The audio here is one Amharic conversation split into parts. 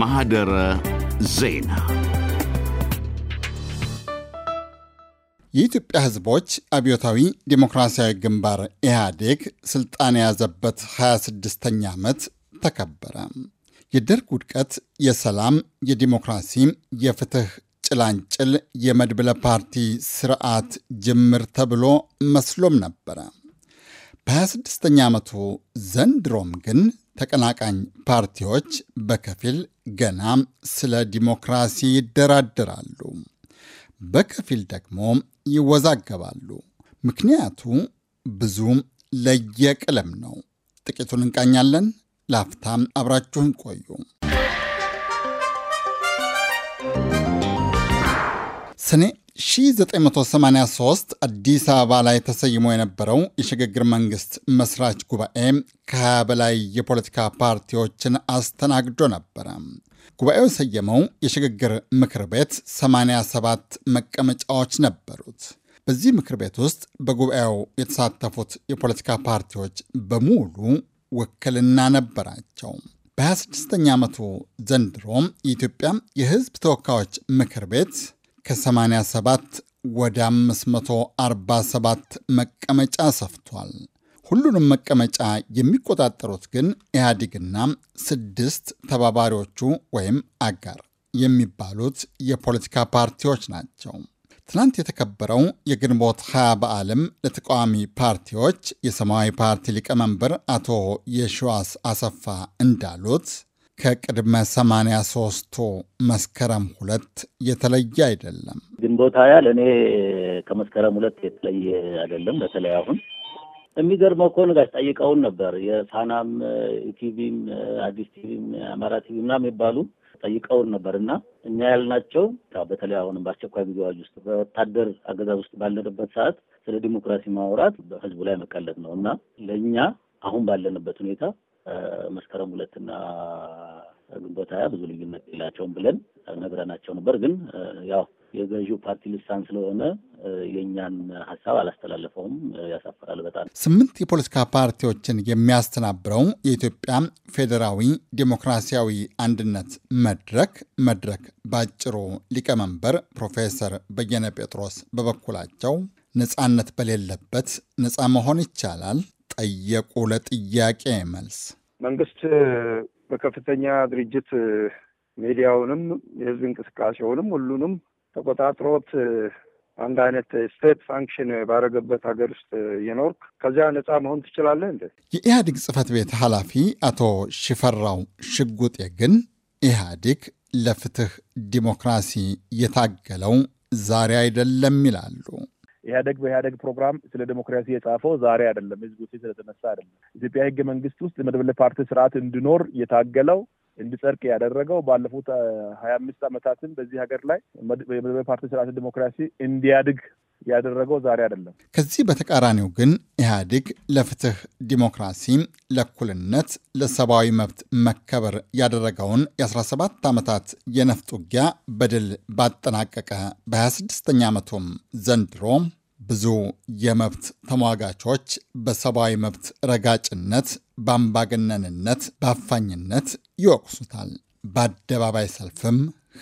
ማህደረ ዜና የኢትዮጵያ ህዝቦች አብዮታዊ ዴሞክራሲያዊ ግንባር ኢህአዴግ ስልጣን የያዘበት 26ኛ ዓመት ተከበረ። የደርግ ውድቀት የሰላም፣ የዲሞክራሲ፣ የፍትህ ጭላንጭል የመድብለ ፓርቲ ስርዓት ጅምር ተብሎ መስሎም ነበረ። በ26ኛ ዓመቱ ዘንድሮም ግን ተቀናቃኝ ፓርቲዎች በከፊል ገና ስለ ዲሞክራሲ ይደራደራሉ፣ በከፊል ደግሞ ይወዛገባሉ። ምክንያቱ ብዙም ለየቅለም ነው። ጥቂቱን እንቃኛለን። ላፍታም አብራችሁን ቆዩ። ሰኔ 1983 አዲስ አበባ ላይ ተሰይሞ የነበረው የሽግግር መንግስት መስራች ጉባኤ ከ በላይ የፖለቲካ ፓርቲዎችን አስተናግዶ ነበረ። ጉባኤው የሰየመው የሽግግር ምክር ቤት 87 መቀመጫዎች ነበሩት። በዚህ ምክር ቤት ውስጥ በጉባኤው የተሳተፉት የፖለቲካ ፓርቲዎች በሙሉ ውክልና ነበራቸው። በ26ኛ ዓመቱ ዘንድሮ የኢትዮጵያ የሕዝብ ተወካዮች ምክር ቤት ከ87 ወደ 547 መቀመጫ ሰፍቷል። ሁሉንም መቀመጫ የሚቆጣጠሩት ግን ኢህአዴግና ስድስት ተባባሪዎቹ ወይም አጋር የሚባሉት የፖለቲካ ፓርቲዎች ናቸው። ትናንት የተከበረው የግንቦት 20 በዓልም ለተቃዋሚ ፓርቲዎች የሰማያዊ ፓርቲ ሊቀመንበር አቶ የሸዋስ አሰፋ እንዳሉት ከቅድመ 83ቱ መስከረም ሁለት የተለየ አይደለም። ግንቦት ሀያ ለእኔ ከመስከረም ሁለት የተለየ አይደለም። በተለይ አሁን የሚገርመው እኮ ንጋሽ ጠይቀውን ነበር። የፋናም ኢቲቪም፣ አዲስ ቲቪም፣ አማራ ቲቪ ምናምን የሚባሉ ጠይቀውን ነበር እና እኛ ያልናቸው በተለይ አሁንም በአስቸኳይ ጊዜ አዋጅ ውስጥ በወታደር አገዛዝ ውስጥ ባለንበት ሰዓት ስለ ዲሞክራሲ ማውራት በህዝቡ ላይ መቀለጥ ነው እና ለእኛ አሁን ባለንበት ሁኔታ መስከረም ሁለትና ግንቦት ሀያ ብዙ ልዩነት የላቸውም ብለን ነግረናቸው ነበር። ግን ያው የገዢው ፓርቲ ልሳን ስለሆነ የእኛን ሀሳብ አላስተላለፈውም። ያሳፍራል በጣም። ስምንት የፖለቲካ ፓርቲዎችን የሚያስተናብረው የኢትዮጵያ ፌዴራዊ ዴሞክራሲያዊ አንድነት መድረክ መድረክ ባጭሩ ሊቀመንበር ፕሮፌሰር በየነ ጴጥሮስ በበኩላቸው ነፃነት በሌለበት ነፃ መሆን ይቻላል? ጠየቁ ለጥያቄ መልስ መንግስት በከፍተኛ ድርጅት ሚዲያውንም የህዝብ እንቅስቃሴውንም ሁሉንም ተቆጣጥሮት አንድ አይነት ስቴት ፋንክሽን ባደረገበት ሀገር ውስጥ የኖርክ ከዚያ ነፃ መሆን ትችላለህ እንዴ? የኢህአዴግ ጽህፈት ቤት ኃላፊ አቶ ሽፈራው ሽጉጤ ግን ኢህአዴግ ለፍትህ ዲሞክራሲ የታገለው ዛሬ አይደለም ይላሉ። ኢህአደግ በኢህአደግ ፕሮግራም ስለ ዲሞክራሲ የጻፈው ዛሬ አይደለም፣ ውስጥ ስለተነሳ አይደለም። ኢትዮጵያ ህገ መንግስት ውስጥ የመድበለ ፓርቲ ስርዓት እንዲኖር የታገለው እንዲጸድቅ ያደረገው ባለፉት ሀያ አምስት ዓመታትን በዚህ ሀገር ላይ የመድበለ ፓርቲ ስርዓት ዲሞክራሲ እንዲያድግ ያደረገው ዛሬ አይደለም። ከዚህ በተቃራኒው ግን ኢህአዴግ ለፍትህ ዲሞክራሲ፣ ለእኩልነት፣ ለሰብአዊ መብት መከበር ያደረገውን የ17 ዓመታት የነፍጥ ውጊያ በድል ባጠናቀቀ በ26ኛ ዓመቱም ዘንድሮ ብዙ የመብት ተሟጋቾች በሰብአዊ መብት ረጋጭነት በአምባገነንነት፣ በአፋኝነት ይወቅሱታል። በአደባባይ ሰልፍም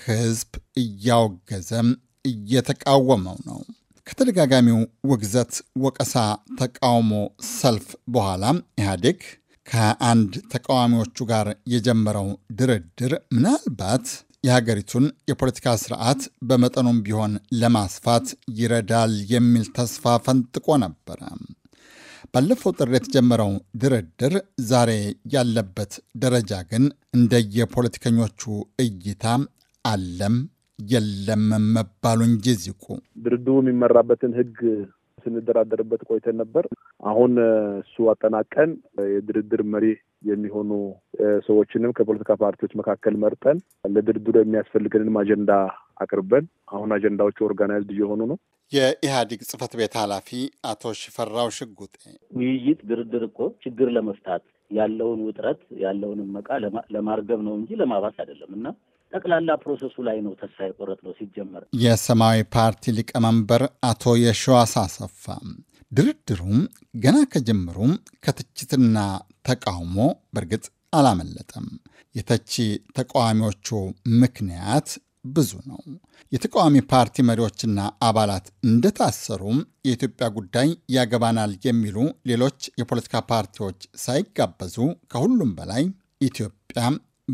ህዝብ እያወገዘም እየተቃወመው ነው። ከተደጋጋሚው ውግዘት፣ ወቀሳ፣ ተቃውሞ ሰልፍ በኋላ ኢህአዴግ ከአንድ ተቃዋሚዎቹ ጋር የጀመረው ድርድር ምናልባት የሀገሪቱን የፖለቲካ ስርዓት በመጠኑም ቢሆን ለማስፋት ይረዳል የሚል ተስፋ ፈንጥቆ ነበረ። ባለፈው ጥር የተጀመረው ድርድር ዛሬ ያለበት ደረጃ ግን እንደየፖለቲከኞቹ እይታ አለም የለም መባሉ እንጂ ዚቁ ድርድሩ የሚመራበትን ህግ ስንደራደርበት ቆይተን ነበር። አሁን እሱ አጠናቀን የድርድር መሪ የሚሆኑ ሰዎችንም ከፖለቲካ ፓርቲዎች መካከል መርጠን ለድርድሩ የሚያስፈልገንም አጀንዳ አቅርበን አሁን አጀንዳዎቹ ኦርጋናይዝድ እየሆኑ ነው። የኢህአዴግ ጽህፈት ቤት ኃላፊ አቶ ሽፈራው ሽጉጤ ውይይት፣ ድርድር እኮ ችግር ለመፍታት ያለውን ውጥረት ያለውንም መቃ ለማርገብ ነው እንጂ ለማባስ አይደለም እና ጠቅላላ ፕሮሰሱ ላይ ነው ተስፋ የቆረጥ ነው ሲጀመር። የሰማያዊ ፓርቲ ሊቀመንበር አቶ የሺዋስ አሰፋ ድርድሩም ገና ከጀምሩም ከትችትና ተቃውሞ በእርግጥ አላመለጠም። የተቺ ተቃዋሚዎቹ ምክንያት ብዙ ነው። የተቃዋሚ ፓርቲ መሪዎችና አባላት እንደታሰሩም የኢትዮጵያ ጉዳይ ያገባናል የሚሉ ሌሎች የፖለቲካ ፓርቲዎች ሳይጋበዙ ከሁሉም በላይ ኢትዮጵያ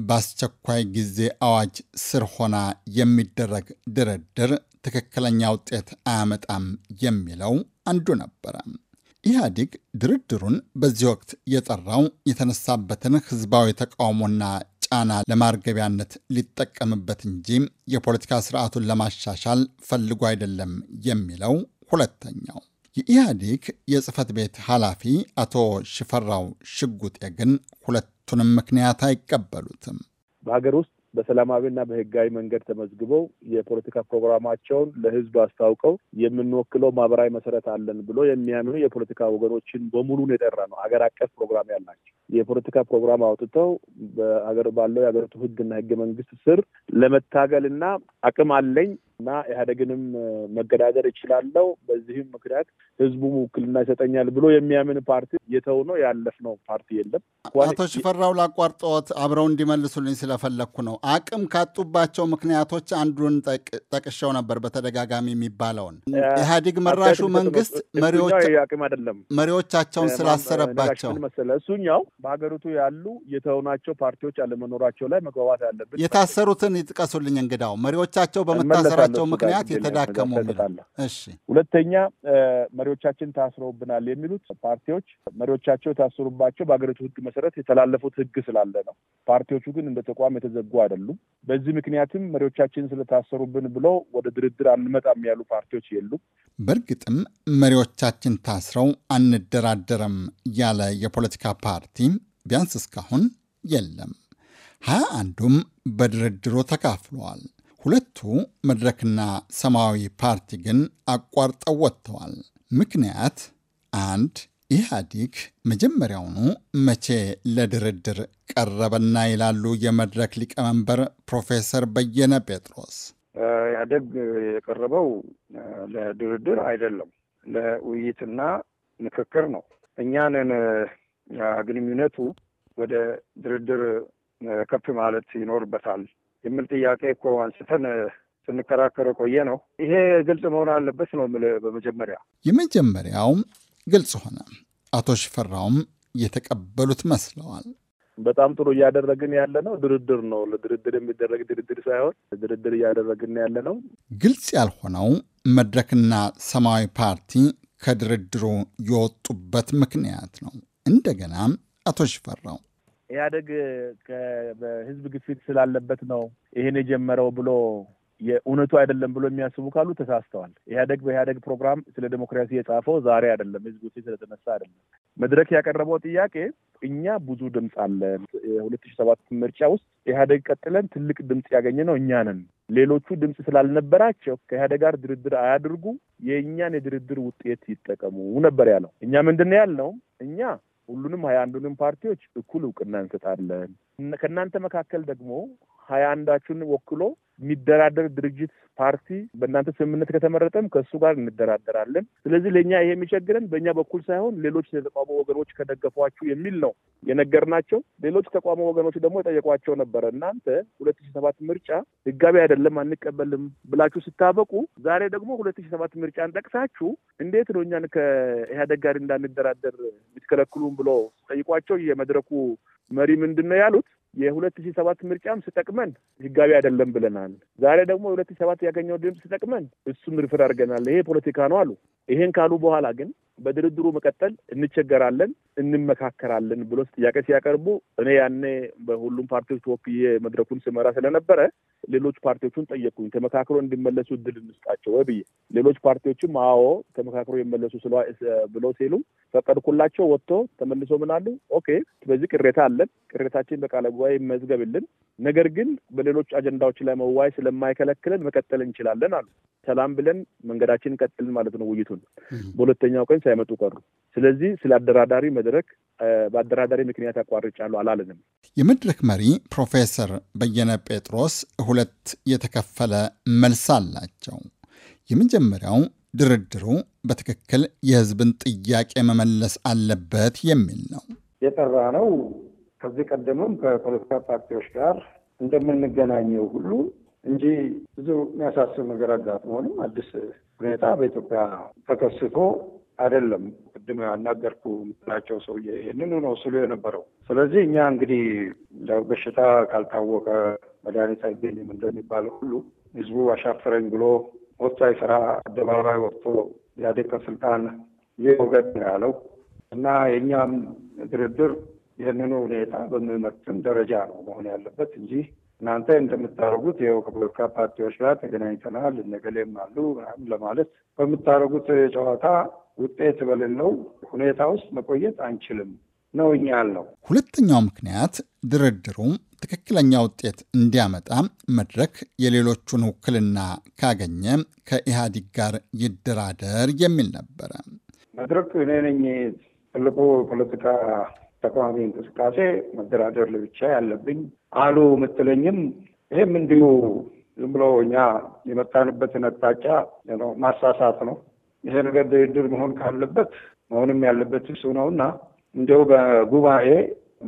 በአስቸኳይ ጊዜ አዋጅ ስር ሆና የሚደረግ ድርድር ትክክለኛ ውጤት አያመጣም የሚለው አንዱ ነበረ። ኢህአዲግ ድርድሩን በዚህ ወቅት የጠራው የተነሳበትን ህዝባዊ ተቃውሞና ጫና ለማርገቢያነት ሊጠቀምበት እንጂ የፖለቲካ ስርዓቱን ለማሻሻል ፈልጎ አይደለም የሚለው ሁለተኛው። የኢህአዴግ የጽህፈት ቤት ኃላፊ አቶ ሽፈራው ሽጉጤ ግን ሁለቱንም ምክንያት አይቀበሉትም። በሀገር ውስጥ በሰላማዊና በህጋዊ መንገድ ተመዝግበው የፖለቲካ ፕሮግራማቸውን ለህዝብ አስታውቀው የምንወክለው ማህበራዊ መሰረት አለን ብሎ የሚያምኑ የፖለቲካ ወገኖችን በሙሉን የጠራ ነው። ሀገር አቀፍ ፕሮግራም ያላቸው የፖለቲካ ፕሮግራም አውጥተው በአገር ባለው የሀገሪቱ ህግና ህገ መንግስት ስር ለመታገልና አቅም አለኝ እና ኢህአዴግንም መገዳደር እችላለሁ፣ በዚህም ምክንያት ህዝቡ ውክልና ይሰጠኛል ብሎ የሚያምን ፓርቲ የተው ነው ነው ፓርቲ የለም። አቶ ሽፈራው ላቋርጠዎት፣ አብረው እንዲመልሱልኝ ስለፈለግኩ ነው። አቅም ካጡባቸው ምክንያቶች አንዱን ጠቅሸው ነበር በተደጋጋሚ የሚባለውን ኢህአዴግ መራሹ መንግስት መሪዎቻቸውን ስላሰረባቸው መሰለ። እሱኛው በሀገሪቱ ያሉ የተውናቸው ፓርቲዎች አለመኖራቸው ላይ መግባባት ያለብን። የታሰሩትን ይጥቀሱልኝ እንግዳው መሪዎቻቸው በመታሰራ በመሆናቸው ምክንያት የተዳከሙ እሺ። ሁለተኛ መሪዎቻችን ታስረውብናል የሚሉት ፓርቲዎች መሪዎቻቸው የታሰሩባቸው በሀገሪቱ ህግ መሰረት የተላለፉት ህግ ስላለ ነው። ፓርቲዎቹ ግን እንደ ተቋም የተዘጉ አይደሉም። በዚህ ምክንያትም መሪዎቻችን ስለታሰሩብን ብለው ወደ ድርድር አንመጣም ያሉ ፓርቲዎች የሉም። በእርግጥም መሪዎቻችን ታስረው አንደራደረም ያለ የፖለቲካ ፓርቲ ቢያንስ እስካሁን የለም። ሀያ አንዱም በድርድሩ ተካፍለዋል። ሁለቱ መድረክና ሰማያዊ ፓርቲ ግን አቋርጠው ወጥተዋል። ምክንያት አንድ ኢህአዲግ መጀመሪያውኑ መቼ ለድርድር ቀረበና ይላሉ የመድረክ ሊቀመንበር ፕሮፌሰር በየነ ጴጥሮስ። ኢህአዴግ የቀረበው ለድርድር አይደለም፣ ለውይይትና ምክክር ነው። እኛንን ግንኙነቱ ወደ ድርድር ከፍ ማለት ይኖርበታል የሚል ጥያቄ እኮ አንስተን ስንከራከረ ቆየ ነው። ይሄ ግልጽ መሆን አለበት ነው የምልህ። በመጀመሪያ የመጀመሪያውም ግልጽ ሆነ። አቶ ሽፈራውም የተቀበሉት መስለዋል። በጣም ጥሩ እያደረግን ያለ ነው። ድርድር ነው። ለድርድር የሚደረግ ድርድር ሳይሆን ድርድር እያደረግን ያለ ነው። ግልጽ ያልሆነው መድረክና ሰማያዊ ፓርቲ ከድርድሩ የወጡበት ምክንያት ነው። እንደገና አቶ ሽፈራው ኢህአደግ በህዝብ ግፊት ስላለበት ነው ይሄን የጀመረው ብሎ የእውነቱ አይደለም ብሎ የሚያስቡ ካሉ ተሳስተዋል። ኢህአደግ በኢህአደግ ፕሮግራም ስለ ዲሞክራሲ የጻፈው ዛሬ አይደለም፣ ህዝብ ግፊት ስለተነሳ አይደለም። መድረክ ያቀረበው ጥያቄ እኛ ብዙ ድምፅ አለን፣ የሁለት ሺህ ሰባት ምርጫ ውስጥ ኢህአደግ ቀጥለን ትልቅ ድምፅ ያገኘ ነው እኛ ነን። ሌሎቹ ድምፅ ስላልነበራቸው ከኢህአደግ ጋር ድርድር አያድርጉ፣ የእኛን የድርድር ውጤት ይጠቀሙ ነበር ያለው። እኛ ምንድን ነው ያልነው? እኛ ሁሉንም ሀያ አንዱንም ፓርቲዎች እኩል እውቅና እንሰጣለን። ከእናንተ መካከል ደግሞ ሀያ አንዳችሁን ወክሎ የሚደራደር ድርጅት ፓርቲ በእናንተ ስምምነት ከተመረጠም ከእሱ ጋር እንደራደራለን። ስለዚህ ለእኛ ይሄ የሚቸግረን በእኛ በኩል ሳይሆን ሌሎች የተቋሙ ወገኖች ከደገፏችሁ የሚል ነው የነገርናቸው። ሌሎች ተቋሞ ወገኖች ደግሞ የጠየቋቸው ነበረ። እናንተ ሁለት ሺ ሰባት ምርጫ ህጋቢ አይደለም አንቀበልም ብላችሁ ስታበቁ፣ ዛሬ ደግሞ ሁለት ሺ ሰባት ምርጫን ጠቅሳችሁ እንዴት ነው እኛን ከኢህአዴግ ጋር እንዳንደራደር የምትከለክሉም ብሎ ጠይቋቸው የመድረኩ መሪ ምንድን ነው ያሉት? የሁለት ሺህ ሰባት ምርጫም ስጠቅመን ህጋዊ አይደለም ብለናል። ዛሬ ደግሞ የሁለት ሺህ ሰባት ያገኘው ድምፅ ስጠቅመን እሱም ርፍር አድርገናል። ይሄ ፖለቲካ ነው አሉ። ይሄን ካሉ በኋላ ግን በድርድሩ መቀጠል እንቸገራለን፣ እንመካከራለን ብሎ ጥያቄ ሲያቀርቡ እኔ ያኔ በሁሉም ፓርቲዎች ተወክዬ መድረኩን ስመራ ስለነበረ ሌሎች ፓርቲዎቹን ጠየቁኝ። ተመካክሮ እንዲመለሱ እድል እንስጣቸው ወይ ብዬ ሌሎች ፓርቲዎችም አዎ ተመካክሮ ይመለሱ ብሎ ሲሉ ፈቀድኩላቸው። ወጥቶ ተመልሶ ምናሉ ኦኬ፣ በዚህ ቅሬታ አለን፣ ቅሬታችን በቃለ ጉባኤ ይመዝገብልን፣ ነገር ግን በሌሎች አጀንዳዎች ላይ መዋይ ስለማይከለክለን መቀጠል እንችላለን አሉ። ሰላም ብለን መንገዳችን ቀጥልን ማለት ነው ውይይቱን በሁለተኛው ቀን ሳይመጡ ቀሩ። ስለዚህ ስለ አደራዳሪ መድረክ በአደራዳሪ ምክንያት ያቋርጫሉ አላለንም። የመድረክ መሪ ፕሮፌሰር በየነ ጴጥሮስ ሁለት የተከፈለ መልስ አላቸው። የመጀመሪያው ድርድሩ በትክክል የህዝብን ጥያቄ መመለስ አለበት የሚል ነው። የጠራ ነው። ከዚህ ቀደምም ከፖለቲካ ፓርቲዎች ጋር እንደምንገናኘው ሁሉ እንጂ ብዙ የሚያሳስብ ነገር አጋጥሞንም አዲስ ሁኔታ በኢትዮጵያ ተከስቶ አይደለም ቅድም ያናገርኩ የምትላቸው ሰውዬ ይህንኑ ነው ስሉ የነበረው። ስለዚህ እኛ እንግዲህ በሽታ ካልታወቀ መድኃኒት አይገኝም እንደሚባለው ሁሉ ህዝቡ አሻፈረኝ ብሎ ወጥቶ አይሰራ አደባባይ ወጥቶ ኢህአዴግ ከስልጣን ይወገድ ነው ያለው እና የእኛም ድርድር ይህንኑ ሁኔታ በሚመጥን ደረጃ ነው መሆን ያለበት እንጂ እናንተ እንደምታደርጉት ይኸው ከፖለቲካ ፓርቲዎች ጋር ተገናኝተናል እነ ገሌም አሉ ምናምን ለማለት በምታደርጉት ጨዋታ ውጤት በሌለው ሁኔታ ውስጥ መቆየት አንችልም ነው እኛ ያለው። ሁለተኛው ምክንያት ድርድሩ ትክክለኛ ውጤት እንዲያመጣ መድረክ የሌሎቹን ውክልና ካገኘ ከኢህአዲግ ጋር ይደራደር የሚል ነበረ። መድረክ እኔ ነኝ ትልቁ ፖለቲካ ተቃዋሚ እንቅስቃሴ መደራደር ለብቻ ያለብኝ አሉ ምትለኝም ይህም እንዲሁ ዝም ብሎ እኛ የመጣንበትን አቅጣጫ ማሳሳት ነው። ይሄ ነገር ድርድር መሆን ካለበት መሆንም ያለበት እሱ ነው እና እንዲው በጉባኤ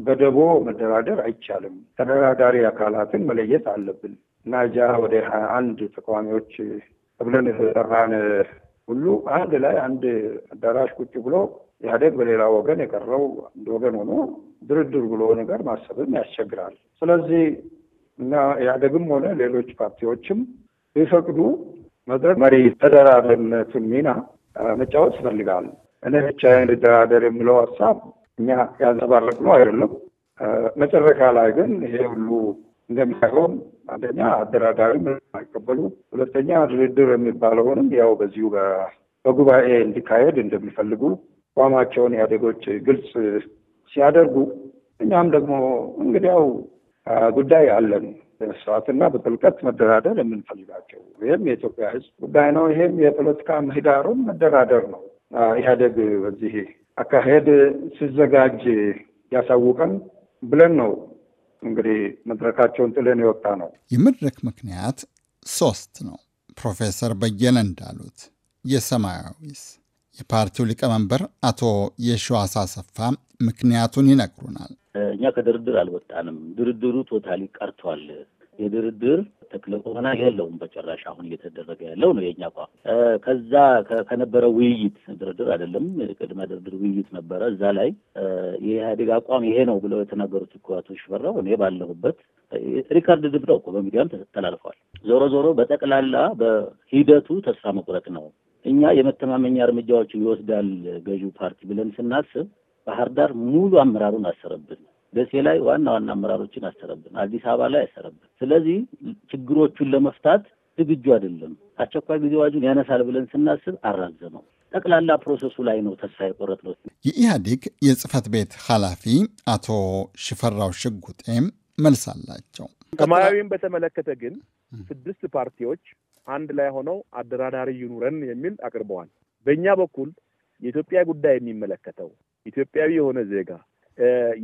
በደቦ መደራደር አይቻልም። ተደራዳሪ አካላትን መለየት አለብን እና እጃ ወደ ሀያ አንድ ተቃዋሚዎች ተብለን የተጠራን ሁሉ አንድ ላይ አንድ አዳራሽ ቁጭ ብሎ ኢህአዴግ በሌላ ወገን የቀረው አንድ ወገን ሆኖ ድርድር ብሎ ነገር ማሰብም ያስቸግራል። ስለዚህ እና ኢህአዴግም ሆነ ሌሎች ፓርቲዎችም ሊፈቅዱ መድረክ መሪ ተደራዳሪነቱን ሚና መጫወት ይፈልጋል። እኔ ብቻ እንድደራደር የሚለው ሀሳብ እኛ ያንጸባረቅ ነው አይደለም። መጨረሻ ላይ ግን ይሄ ሁሉ እንደሚያቀውም አንደኛ አደራዳሪ አይቀበሉ፣ ሁለተኛ ድርድር የሚባለውንም ያው በዚሁ በጉባኤ እንዲካሄድ እንደሚፈልጉ አቋማቸውን ኢህአዴጎች ግልጽ ሲያደርጉ እኛም ደግሞ እንግዲያው ጉዳይ አለን በመስዋዕትና በጥልቀት መደራደር የምንፈልጋቸው ይህም የኢትዮጵያ ሕዝብ ጉዳይ ነው። ይህም የፖለቲካ ምህዳሩን መደራደር ነው። ኢህአዴግ በዚህ አካሄድ ሲዘጋጅ ያሳውቀን ብለን ነው እንግዲህ መድረካቸውን ጥለን የወጣ ነው። የመድረክ ምክንያት ሶስት ነው። ፕሮፌሰር በየነ እንዳሉት የሰማያዊስ የፓርቲው ሊቀመንበር አቶ የሺዋስ አሰፋ ምክንያቱን ይነግሩናል። እኛ ከድርድር አልወጣንም። ድርድሩ ቶታሊ ቀርቷል። የድርድር ተክለ የለውም በጭራሽ አሁን እየተደረገ ያለው ነው የኛ ቋ ከዛ ከነበረው ውይይት ድርድር አይደለም፣ ቅድመ ድርድር ውይይት ነበረ። እዛ ላይ የኢህአዴግ አቋም ይሄ ነው ብለው የተናገሩት እኮ አቶ ሽፈራው እኔ ባለሁበት ሪካርድ ድብረው እኮ በሚዲያም ተላልፈዋል። ዞሮ ዞሮ በጠቅላላ በሂደቱ ተስፋ መቁረጥ ነው። እኛ የመተማመኛ እርምጃዎችን ይወስዳል ገዢው ፓርቲ ብለን ስናስብ ባህር ዳር ሙሉ አመራሩን አሰረብን። ደሴ ላይ ዋና ዋና አመራሮችን አሰረብን። አዲስ አበባ ላይ አሰረብን። ስለዚህ ችግሮቹን ለመፍታት ዝግጁ አይደለም። አስቸኳይ ጊዜ አዋጁን ያነሳል ብለን ስናስብ አራዘመው። ጠቅላላ ፕሮሰሱ ላይ ነው ተስፋ የቆረጥነው። የኢህአዴግ የጽህፈት ቤት ኃላፊ አቶ ሽፈራው ሽጉጤም መልስ አላቸው። ሰማያዊም በተመለከተ ግን ስድስት ፓርቲዎች አንድ ላይ ሆነው አደራዳሪ ይኑረን የሚል አቅርበዋል። በእኛ በኩል የኢትዮጵያ ጉዳይ የሚመለከተው ኢትዮጵያዊ የሆነ ዜጋ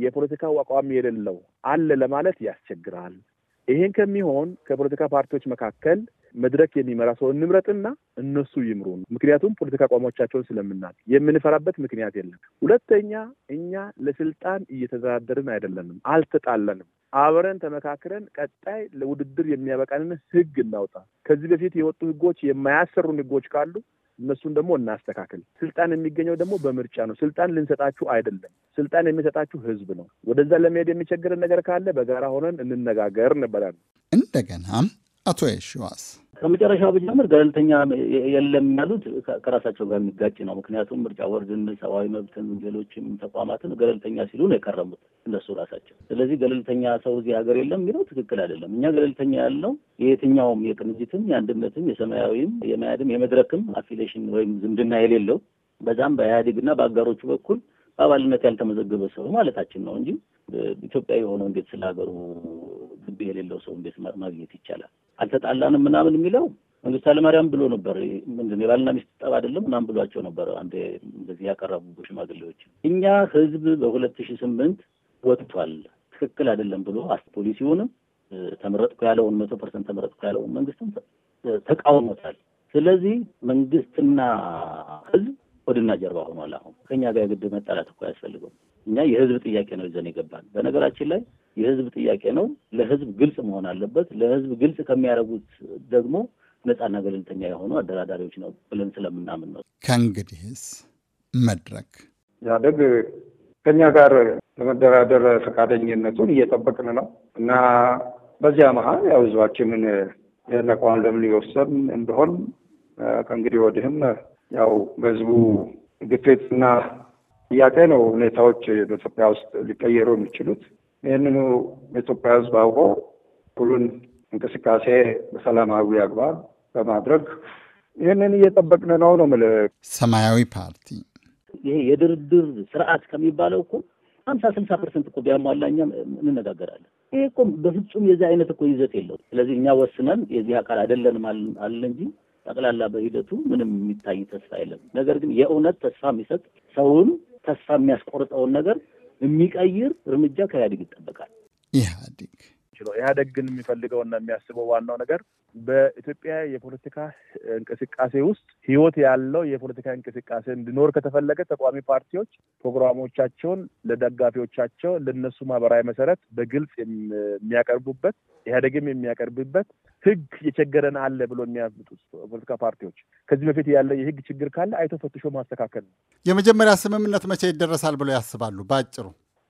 የፖለቲካው አቋም የሌለው አለ ለማለት ያስቸግራል። ይሄን ከሚሆን ከፖለቲካ ፓርቲዎች መካከል መድረክ የሚመራ ሰው እንምረጥና እነሱ ይምሩን። ምክንያቱም ፖለቲካ አቋሞቻቸውን ስለምናል የምንፈራበት ምክንያት የለም። ሁለተኛ እኛ ለስልጣን እየተደራደርን አይደለንም፣ አልተጣለንም። አብረን ተመካክረን ቀጣይ ለውድድር የሚያበቃንን ህግ እናውጣ። ከዚህ በፊት የወጡ ህጎች የማያሰሩን ህጎች ካሉ እነሱን ደግሞ እናስተካክል። ስልጣን የሚገኘው ደግሞ በምርጫ ነው። ስልጣን ልንሰጣችሁ አይደለም። ስልጣን የሚሰጣችሁ ህዝብ ነው። ወደዛ ለመሄድ የሚቸግርን ነገር ካለ በጋራ ሆነን እንነጋገር እንበላለን። እንደገና አቶ የሺዋስ ከመጨረሻ ብጀምር ገለልተኛ የለም ያሉት ከራሳቸው ጋር የሚጋጭ ነው። ምክንያቱም ምርጫ ቦርድን፣ ሰብአዊ መብትን፣ ሌሎችም ተቋማትን ገለልተኛ ሲሉ ነው የከረሙት እነሱ ራሳቸው። ስለዚህ ገለልተኛ ሰው እዚህ ሀገር የለም የሚለው ትክክል አይደለም። እኛ ገለልተኛ ያለው የየትኛውም የቅንጅትም፣ የአንድነትም፣ የሰማያዊም፣ የመያድም፣ የመድረክም አፊሌሽን ወይም ዝምድና የሌለው በዛም በኢህአዴግና በአጋሮቹ በኩል በአባልነት ያልተመዘገበ ሰው ማለታችን ነው እንጂ ኢትዮጵያ የሆነው እንዴት ስለ ሀገሩ ልብ የሌለው ሰው እንዴት ማግኘት ይቻላል? አልተጣላንም ምናምን የሚለው መንግስቱ ኃይለማርያም ብሎ ነበር። ምንድን የባልና ሚስት ጠብ አይደለም ምናምን ብሏቸው ነበር። አንዴ እንደዚህ ያቀረቡ ሽማግሌዎች እኛ ህዝብ በሁለት ሺህ ስምንት ወጥቷል ትክክል አይደለም ብሎ ፖሊሲውንም ተመረጥኩ ያለውን መቶ ፐርሰንት ተመረጥኩ ያለውን መንግስትም ተቃውሞታል። ስለዚህ መንግስትና ህዝብ ወድና ጀርባ ሆኗል። አሁን ከኛ ጋር የግድ መጣላት እኮ አያስፈልገውም። እኛ የህዝብ ጥያቄ ነው ይዘን የገባን። በነገራችን ላይ የህዝብ ጥያቄ ነው። ለህዝብ ግልጽ መሆን አለበት። ለህዝብ ግልጽ ከሚያደርጉት ደግሞ ነጻና ገለልተኛ የሆኑ አደራዳሪዎች ነው ብለን ስለምናምን ነው። ከእንግዲህስ መድረክ ያደግ ከኛ ጋር ለመደራደር ፈቃደኝነቱን እየጠበቅን ነው እና በዚያ መሀል ያው ህዝባችንን የነቋን ለምን ሊወሰን እንደሆን ከእንግዲህ ወዲህም ያው በህዝቡ ግፊትና ጥያቄ ነው ሁኔታዎች በኢትዮጵያ ውስጥ ሊቀየሩ የሚችሉት። ይህንኑ የኢትዮጵያ ሕዝብ አውቆ ሁሉን እንቅስቃሴ በሰላማዊ አግባብ በማድረግ ይህንን እየጠበቅን ነው ነው ምል ሰማያዊ ፓርቲ ይሄ የድርድር ስርዓት ከሚባለው እኮ ሀምሳ ስልሳ ፐርሰንት እኮ ቢያሟላ እኛ እንነጋገራለን። ይሄ እኮ በፍጹም የዚህ አይነት እኮ ይዘት የለው ስለዚህ እኛ ወስነን የዚህ አካል አይደለንም አለ እንጂ ጠቅላላ በሂደቱ ምንም የሚታይ ተስፋ የለም። ነገር ግን የእውነት ተስፋ የሚሰጥ ሰውን ተስፋ የሚያስቆርጠውን ነገር የሚቀይር እርምጃ ከኢህአዴግ ይጠበቃል። ኢህአዴግ ኢህአዴግ ግን የሚፈልገውና የሚያስበው ዋናው ነገር በኢትዮጵያ የፖለቲካ እንቅስቃሴ ውስጥ ህይወት ያለው የፖለቲካ እንቅስቃሴ እንዲኖር ከተፈለገ ተቃዋሚ ፓርቲዎች ፕሮግራሞቻቸውን ለደጋፊዎቻቸው ለነሱ ማህበራዊ መሰረት በግልጽ የሚያቀርቡበት ኢህአዴግም የሚያቀርብበት ህግ የቸገረን አለ ብሎ የሚያምጡት ፖለቲካ ፓርቲዎች ከዚህ በፊት ያለ የህግ ችግር ካለ አይቶ ፈትሾ ማስተካከል ነው። የመጀመሪያ ስምምነት መቼ ይደረሳል ብሎ ያስባሉ? በአጭሩ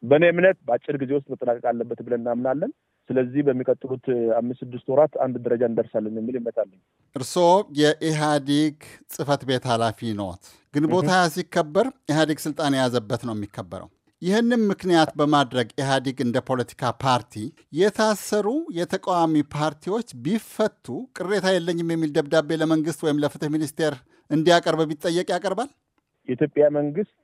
በእኔ እምነት በአጭር ጊዜ ውስጥ መጠናቀቅ አለበት ብለን እናምናለን። ስለዚህ በሚቀጥሉት አምስት ስድስት ወራት አንድ ደረጃ እንደርሳለን የሚል እምነት አለኝ። እርስዎ የኢህአዴግ ጽህፈት ቤት ኃላፊ ኖት ግንቦት ሀያ ሲከበር ኢህአዲግ ስልጣን የያዘበት ነው የሚከበረው። ይህንም ምክንያት በማድረግ ኢህአዲግ እንደ ፖለቲካ ፓርቲ የታሰሩ የተቃዋሚ ፓርቲዎች ቢፈቱ ቅሬታ የለኝም የሚል ደብዳቤ ለመንግስት ወይም ለፍትህ ሚኒስቴር እንዲያቀርብ ቢጠየቅ ያቀርባል። የኢትዮጵያ መንግስት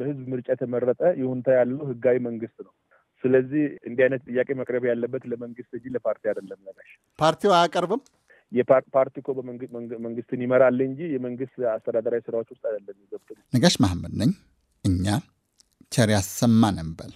በህዝብ ምርጫ የተመረጠ ይሁንታ ያለው ህጋዊ መንግስት ነው። ስለዚህ እንዲህ አይነት ጥያቄ መቅረብ ያለበት ለመንግስት እንጂ ለፓርቲ አይደለም። ነጋሽ ፓርቲው አያቀርብም። የፓርቲ እኮ መንግስትን ይመራል እንጂ የመንግስት አስተዳደራዊ ስራዎች ውስጥ አይደለም ገብቶ። ነጋሽ መሐመድ ነኝ። እኛ ቸር ያሰማ ነበል።